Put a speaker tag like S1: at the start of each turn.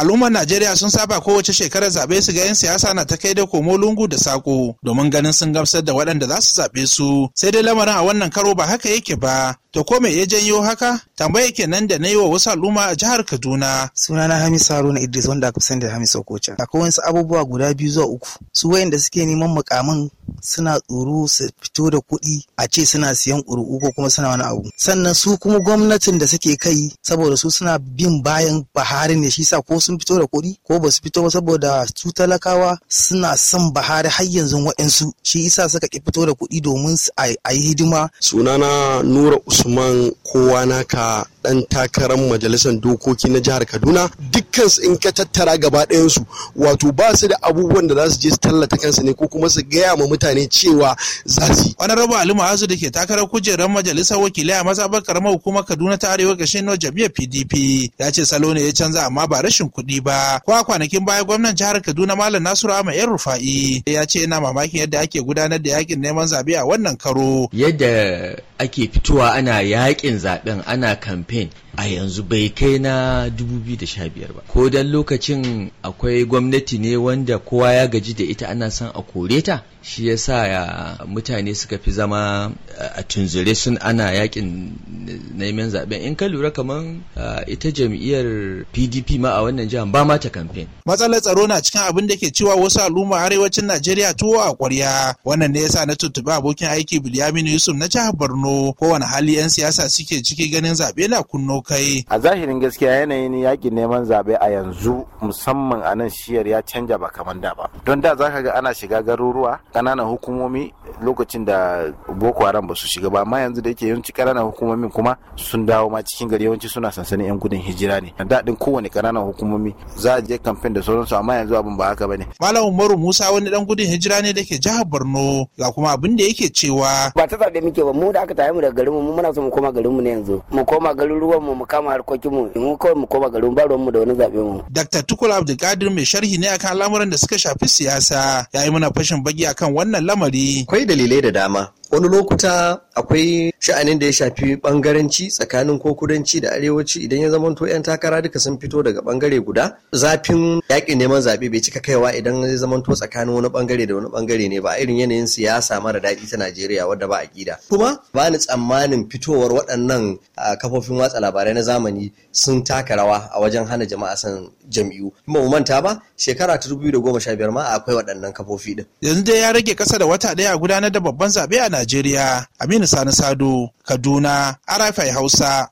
S1: al'ummar najeriya sun saba kowace shekarar zaɓe su ga 'yan siyasa na ta kai da komo lungu da sako domin ganin sun gamsar da waɗanda za su zaɓe su sai dai lamarin a wannan karo ba haka yake ba To ko me ya janyo haka? Tambaya kenan da na yi wa wasu al'umma a jihar Kaduna.
S2: Sunana Hamis Haruna Idris wanda aka fi da Hamis Okocha. Akwai wasu abubuwa guda biyu zuwa uku. Su wayanda suke neman mukamin suna tsoro su fito da kuɗi a ce suna siyan ƙuri'u ko kuma suna wani abu. Sannan su kuma gwamnatin da suke kai saboda su suna bin bayan Buhari ne shi sa ko sun fito da kuɗi ko ba su fito ba saboda su talakawa suna son Buhari har yanzu waɗansu shi isa suka ki fito da kuɗi domin a yi hidima.
S3: Sunana Nura Usman. usman kowa naka ɗan takarar majalisar dokoki na jihar kaduna kansu in
S1: ka tattara gaba ɗayansu wato ba su da abubuwan da za su je su tallata kansu ne ko kuma su gaya ma mutane cewa za su yi. wani rabu alimu hasu da ke takarar kujerar majalisar wakilai a maza karamar hukumar kaduna ta arewa ga shinar jam'iyyar pdp ya ce salo ne ya canza amma ba rashin kuɗi ba ko kwanakin baya gwamnan jihar kaduna malam nasiru ahmad yan rufa'i ya ce yana mamakin yadda ake gudanar da yakin neman zaɓe a wannan karo. yadda ake fitowa ana yakin zaɓen ana kamfen a yanzu bai kai na 2015 ba ba ko dan
S3: lokacin akwai gwamnati ne wanda kowa ya gaji da ita ana son a kore ta shi ya sa mutane suka fi zama eh, a tunzure sun ana yakin neman zaben in ka lura kamar eh, ita jam'iyyar pdp ma a wannan jihar ba mata kamfen matsalar
S1: tsaro na cikin abin da ke cewa wasu al'umma arewacin najeriya tuwo a kwarya wannan ne yasa na tuntuɓi abokin aiki bilyamin yusuf na jihar borno kowane hali yan siyasa suke ciki ganin zaɓe na kunno kai
S4: a zahirin gaskiya yanayin yakin neman zaɓe a yanzu musamman a nan shiyar ya canja ba kamar da ba don da zaka ga ana shiga garuruwa kananan hukumomi lokacin da boko haram ba su shiga ba amma yanzu da yake yawanci kananan hukumomi kuma sun dawo ma cikin gari yawanci suna sansanin yan gudun hijira ne daɗin kowane kananan hukumomi za a je kamfen da sauransu amma yanzu abin ba haka bane
S1: malam umaru musa wani dan gudun hijira ne da ke jihar borno ga kuma abin da yake cewa ba ta zaɓe muke ba mu da aka tayi mu daga garinmu mu muna so mu koma
S2: garinmu ne yanzu mu koma garuruwan mu mu kama harkokin mu mu kawai mu koma garin ba mu da wani zaɓe mu
S1: dr tukul abdulkadir mai sharhi ne akan al'amuran da suka shafi siyasa ya yi mana fashin bagi akan wannan lamari. Akwai dalilai da dama. wani lokuta akwai sha'anin da ya shafi
S3: bangaranci tsakanin ko kudanci da arewaci idan ya zamanto 'yan takara duka sun fito daga bangare guda zafin yakin neman zaɓe bai cika kaiwa idan ya zamanto tsakanin wani bangare da wani bangare ne ba irin yanayin siyasa mara daɗi ta najeriya wadda ba a ƙida kuma ba ni tsammanin fitowar waɗannan kafofin watsa labarai na zamani sun taka rawa a wajen hana jama'a san jam'iyyu kuma mu manta ba shekara ta 2015 ma akwai waɗannan kafofi din
S1: yanzu dai ya rage kasa da wata ɗaya a gudanar da babban zaɓe a Najeriya Aminu Sani Sado Kaduna Arafai Hausa.